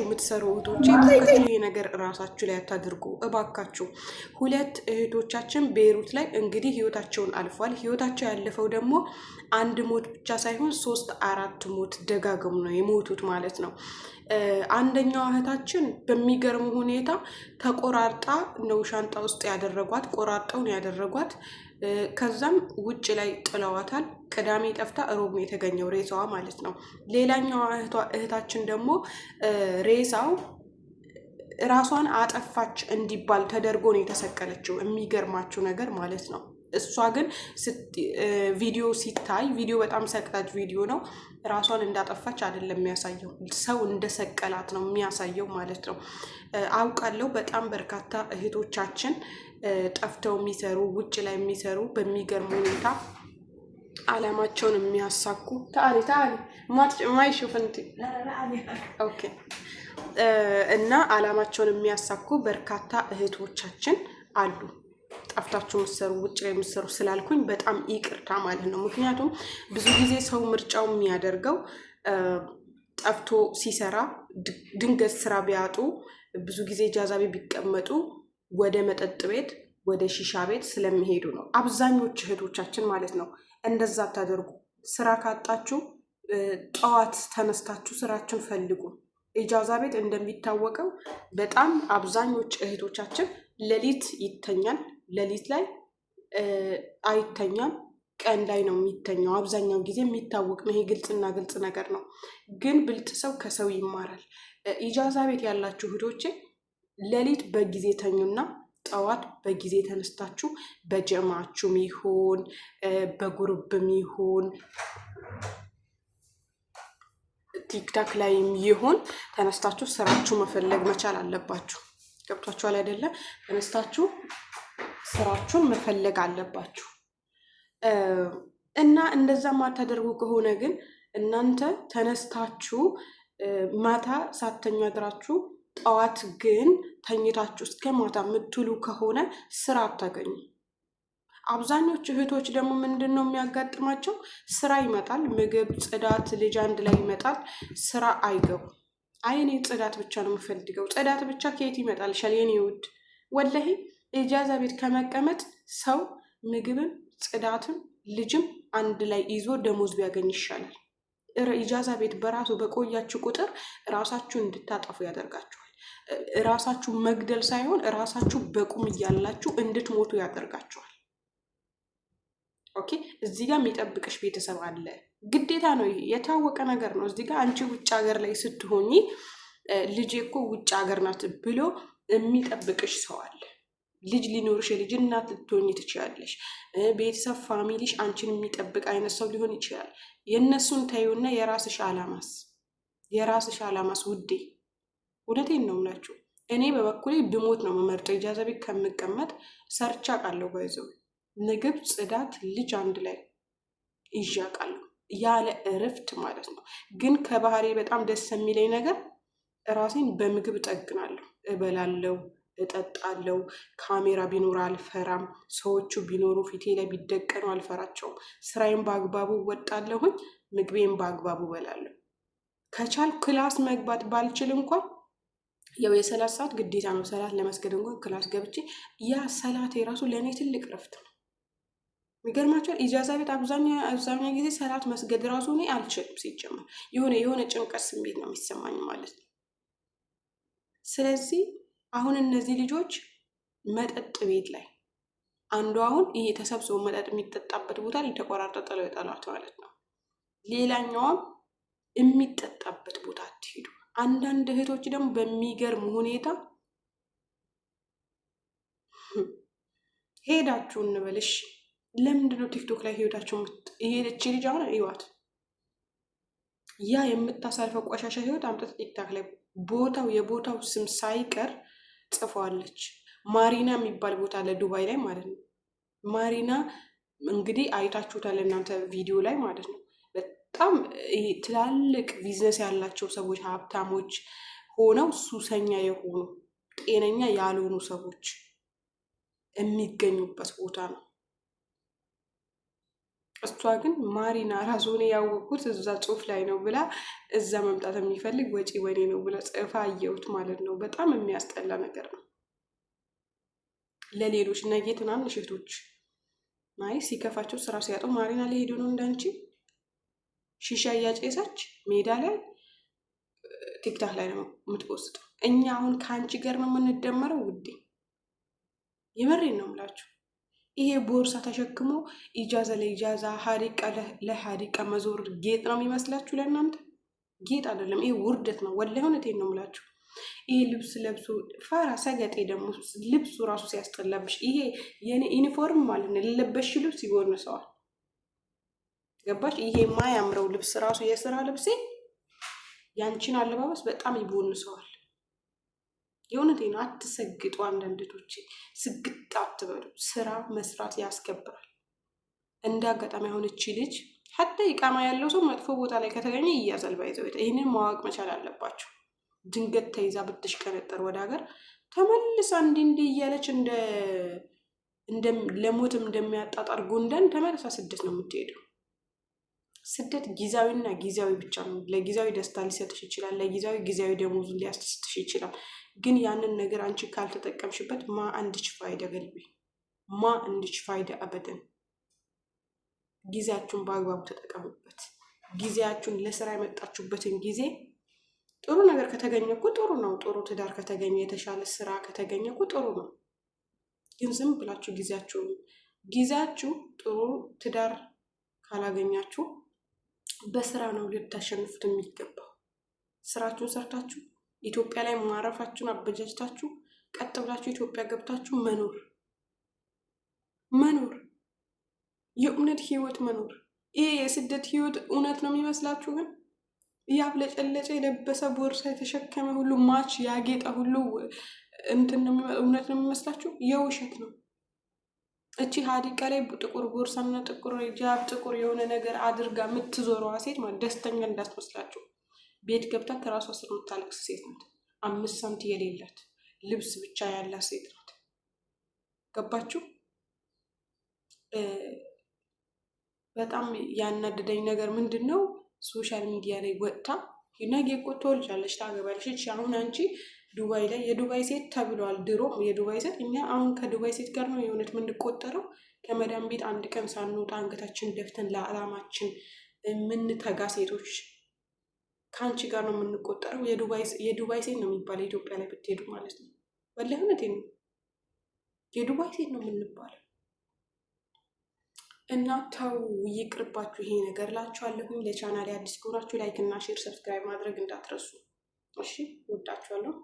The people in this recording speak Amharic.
የምትሰሩ እህቶች ነገር እራሳችሁ ላይ አታድርጉ እባካችሁ። ሁለት እህቶቻችን ቤሩት ላይ እንግዲህ ህይወታቸውን አልፏል። ህይወታቸው ያለፈው ደግሞ አንድ ሞት ብቻ ሳይሆን ሶስት አራት ሞት ደጋግሙ ነው የሞቱት ማለት ነው። አንደኛው እህታችን በሚገርም ሁኔታ ተቆራርጣ ነው ሻንጣ ውስጥ ያደረጓት፣ ቆራርጠውን ያደረጓት ከዛም ውጭ ላይ ጥለዋታል። ቅዳሜ ጠፍታ ሮብ የተገኘው ሬሳዋ ማለት ነው። ሌላኛዋ እህታችን ደግሞ ሬሳው ራሷን አጠፋች እንዲባል ተደርጎ ነው የተሰቀለችው። የሚገርማችሁ ነገር ማለት ነው። እሷ ግን ቪዲዮ ሲታይ ቪዲዮ በጣም ሰቅጣጭ ቪዲዮ ነው። ራሷን እንዳጠፋች አይደለም የሚያሳየው፣ ሰው እንደሰቀላት ነው የሚያሳየው ማለት ነው። አውቃለሁ በጣም በርካታ እህቶቻችን ጠፍተው የሚሰሩ ውጭ ላይ የሚሰሩ በሚገርም ሁኔታ አላማቸውን የሚያሳኩ ታሪ ታሪ ማይሽፍንቲ ኦኬ እና አላማቸውን የሚያሳኩ በርካታ እህቶቻችን አሉ። ጠፍታችሁ የምትሰሩ ውጭ ላይ የምትሰሩ ስላልኩኝ በጣም ይቅርታ ማለት ነው። ምክንያቱም ብዙ ጊዜ ሰው ምርጫው የሚያደርገው ጠፍቶ ሲሰራ ድንገት ስራ ቢያጡ ብዙ ጊዜ ጃዛቤ ቢቀመጡ ወደ መጠጥ ቤት ወደ ሺሻ ቤት ስለሚሄዱ ነው። አብዛኞቹ እህቶቻችን ማለት ነው። እንደዛ አታደርጉ። ስራ ካጣችሁ ጠዋት ተነስታችሁ ስራችን ፈልጉ። ኢጃዛ ቤት እንደሚታወቀው በጣም አብዛኞቹ እህቶቻችን ሌሊት ይተኛል። ሌሊት ላይ አይተኛም፣ ቀን ላይ ነው የሚተኛው። አብዛኛው ጊዜ የሚታወቅ ነው። ይሄ ግልጽና ግልጽ ነገር ነው። ግን ብልጥ ሰው ከሰው ይማራል። ኢጃዛ ቤት ያላችሁ እህቶቼ ሌሊት በጊዜ ተኙና ጠዋት በጊዜ ተነስታችሁ በጀማችሁም ይሁን በጉርብም ይሁን ቲክታክ ላይም ይሁን ተነስታችሁ ስራችሁ መፈለግ መቻል አለባችሁ። ገብቷችኋል አይደለም? ተነስታችሁ ስራችሁን መፈለግ አለባችሁ እና እንደዛ ማታደርጉ ከሆነ ግን እናንተ ተነስታችሁ ማታ ሳተኙ አድራችሁ ጠዋት ግን ተኝታችሁ እስከ ማታ የምትሉ ከሆነ ስራ አታገኙ። አብዛኞቹ እህቶች ደግሞ ምንድን ነው የሚያጋጥማቸው? ስራ ይመጣል፣ ምግብ፣ ጽዳት፣ ልጅ አንድ ላይ ይመጣል። ስራ አይገቡ። አይ እኔ ጽዳት ብቻ ነው የምፈልገው። ጽዳት ብቻ ከየት ይመጣል ሸሌን ይውድ ወለሄ ኢጃዛ ቤት ከመቀመጥ ሰው ምግብም ጽዳትም ልጅም አንድ ላይ ይዞ ደሞዝ ቢያገኝ ይሻላል። ኢጃዛ ቤት በራሱ በቆያችሁ ቁጥር ራሳችሁን እንድታጠፉ ያደርጋችኋል። ራሳችሁ መግደል ሳይሆን ራሳችሁ በቁም እያላችሁ እንድትሞቱ ያደርጋችኋል። ኦኬ፣ እዚህ ጋር የሚጠብቅሽ ቤተሰብ አለ። ግዴታ ነው፣ የታወቀ ነገር ነው። እዚህ ጋር አንቺ ውጭ ሀገር ላይ ስትሆኚ ልጄ እኮ ውጭ ሀገር ናት ብሎ የሚጠብቅሽ ሰው አለ። ልጅ ሊኖርሽ የልጅ እናት ልትሆኝ ትችላለሽ። ቤተሰብ ፋሚሊሽ አንቺን የሚጠብቅ አይነት ሰው ሊሆን ይችላል። የእነሱን ተዩና የራስሽ አላማስ የራስሽ አላማስ ውዴ፣ እውነቴን ነው የምላችሁ። እኔ በበኩሌ ብሞት ነው መመርጠ ኢጃዘቤ ከምቀመጥ ሰርቻ ቃለሁ ባይዘው ምግብ፣ ጽዳት፣ ልጅ አንድ ላይ ይዣቃለሁ ያለ እረፍት ማለት ነው። ግን ከባህሬ በጣም ደስ የሚለኝ ነገር ራሴን በምግብ እጠግናለሁ፣ እበላለሁ እጠጣለው። ካሜራ ቢኖር አልፈራም። ሰዎቹ ቢኖሩ ፊቴ ላይ ቢደቀኑ አልፈራቸውም። ስራዬን በአግባቡ ወጣለሁኝ። ምግቤን በአግባቡ እበላለሁ። ከቻል ክላስ መግባት ባልችል እንኳን ያው የሰላት ሰዓት ግዴታ ነው። ሰላት ለመስገድ እንኳን ክላስ ገብቼ ያ ሰላት የራሱ ለእኔ ትልቅ ረፍት ነው። የሚገርማቸውን ኢጃዛ ቤት አብዛኛው ጊዜ ሰላት መስገድ ራሱ እኔ አልችልም። ሲጀመር የሆነ የሆነ ጭንቀት ስሜት ነው የሚሰማኝ ማለት ነው። ስለዚህ አሁን እነዚህ ልጆች መጠጥ ቤት ላይ አንዱ አሁን ይሄ ተሰብስቦ መጠጥ የሚጠጣበት ቦታ የተቆራረጠ ነው የጣሏት ማለት ነው። ሌላኛውም የሚጠጣበት ቦታ አትሄዱ። አንዳንድ እህቶች ደግሞ በሚገርም ሁኔታ ሄዳችሁ እንበልሽ ነው ቲክቶክ ላይ ህይወታችሁ ይሄደች ልጅ አሁን ይዋት ያ የምታሳልፈው ቆሻሻ ህይወት አምጠት ቲክታክ ላይ ቦታው የቦታው ስም ሳይቀር ጽፈዋለች። ማሪና የሚባል ቦታ ዱባይ ላይ ማለት ነው። ማሪና እንግዲህ አይታችሁታል እናንተ ቪዲዮ ላይ ማለት ነው። በጣም ትላልቅ ቢዝነስ ያላቸው ሰዎች ሀብታሞች ሆነው ሱሰኛ የሆኑ ጤነኛ ያልሆኑ ሰዎች የሚገኙበት ቦታ ነው። እሷ ግን ማሪና ራሱ እኔ ያወቅኩት እዛ ጽሁፍ ላይ ነው ብላ እዛ መምጣት የሚፈልግ ወጪ ወኔ ነው ብላ ጽፋ አየሁት ማለት ነው። በጣም የሚያስጠላ ነገር ነው ለሌሎች ነገ ትናንሽ እህቶች ናይ ሲከፋቸው ስራ ሲያጡ ማሪና ሊሄዱ ነው እንዳንቺ ሺሻ እያጨሰች ሜዳ ላይ ቲክታክ ላይ ነው የምትወስደው። እኛ አሁን ከአንቺ ጋር ነው የምንደመረው ውዴ፣ የመሬን ነው የምላችሁ። ይሄ ቦርሳ ተሸክሞ ኢጃዛ ለኢጃዛ ሀሪቃ ለሀሪቃ መዞር ጌጥ ነው የሚመስላችሁ? ለእናንተ ጌጥ አይደለም፣ ይሄ ውርደት ነው። ወላ እውነቴን ነው የምላችሁ። ይሄ ልብስ ለብሶ ፋራ ሰገጤ ደግሞ ልብሱ ራሱ ሲያስጠላብሽ፣ ይሄ የኔ ዩኒፎርም ማለት ነው የለበሽ ልብስ ይጎንሰዋል። ገባሽ? ይሄ የማያምረው ልብስ ራሱ የስራ ልብሴ ያንቺን አለባበስ በጣም ይጎንሰዋል። የእውነቴን ነው። አትሰግጡ። አንዳንድ ስግጥ አትበሉ። ስራ መስራት ያስከብራል። እንደ አጋጣሚ የሆነች ልጅ ሀደ ይቃማ ያለው ሰው መጥፎ ቦታ ላይ ከተገኘ እያዘል ባይዘው ይህንን ማወቅ መቻል አለባቸው። ድንገት ተይዛ ብትሽቀነጠር ወደ ሀገር ተመልሳ እንዲ እንዲ እያለች እንደ ለሞትም እንደሚያጣጣር ጎንደን ተመልሳ ስደት ነው የምትሄደው። ስደት ጊዜያዊና ጊዜያዊ ብቻ ነው። ለጊዜያዊ ደስታ ሊሰጥሽ ይችላል። ለጊዜያዊ ጊዜያዊ ደሞዙ ሊያስደስትሽ ይችላል። ግን ያንን ነገር አንቺ ካልተጠቀምሽበት ማ አንድች ፋይዳ ገልቢ ማ አንድች ፋይዳ አበደን። ጊዜያችሁን በአግባቡ ተጠቀሙበት። ጊዜያችሁን ለስራ የመጣችሁበትን ጊዜ ጥሩ ነገር ከተገኘ እኮ ጥሩ ነው። ጥሩ ትዳር ከተገኘ የተሻለ ስራ ከተገኘ እኮ ጥሩ ነው። ግን ዝም ብላችሁ ጊዜያችሁ ጊዜያችሁ ጥሩ ትዳር ካላገኛችሁ በስራ ነው ልታሸንፉት የሚገባው። ስራችሁን ሰርታችሁ ኢትዮጵያ ላይ ማረፋችሁን አበጃጅታችሁ ቀጥ ብላችሁ ኢትዮጵያ ገብታችሁ መኖር መኖር የእውነት ህይወት መኖር። ይሄ የስደት ህይወት እውነት ነው የሚመስላችሁ? ግን ያብለጨለጨ የለበሰ ቦርሳ የተሸከመ ሁሉ ማች ያጌጠ ሁሉ እንትን እውነት ነው የሚመስላችሁ? የውሸት ነው። እቺ ሀዲቃ ላይ ጥቁር ጎርሳና ጥቁር ጃብ ጥቁር የሆነ ነገር አድርጋ የምትዞረዋ ሴት ማለት ደስተኛ እንዳትመስላችሁ። ቤት ገብታ ከራሷ ስር የምታለቅስ ሴት ናት። አምስት ሳንት የሌላት ልብስ ብቻ ያላት ሴት ናት። ገባችሁ? በጣም ያናደደኝ ነገር ምንድን ነው? ሶሻል ሚዲያ ላይ ወጥታ ነገ እኮ ትወልጃለሽ ታገባለሽ፣ አሁን አንቺ ዱባይ ላይ የዱባይ ሴት ተብሏል። ድሮም የዱባይ ሴት እኛ አሁን ከዱባይ ሴት ጋር ነው የእውነት የምንቆጠረው። ከመዳን ቤት አንድ ቀን ሳንወጣ አንገታችን ደፍተን ለዓላማችን የምንተጋ ሴቶች ከአንቺ ጋር ነው የምንቆጠረው። የዱባይ ሴት ነው የሚባለው ኢትዮጵያ ላይ ብትሄዱ ማለት ነው። በለህነት ነው የዱባይ ሴት ነው የምንባለው። እና ተው ይቅርባችሁ ይሄ ነገር ላችኋለሁኝ። ለቻናል አዲስ ከሆናችሁ ላይክ እና ሼር ሰብስክራይብ ማድረግ እንዳትረሱ። እሺ ወዳችኋለሁ።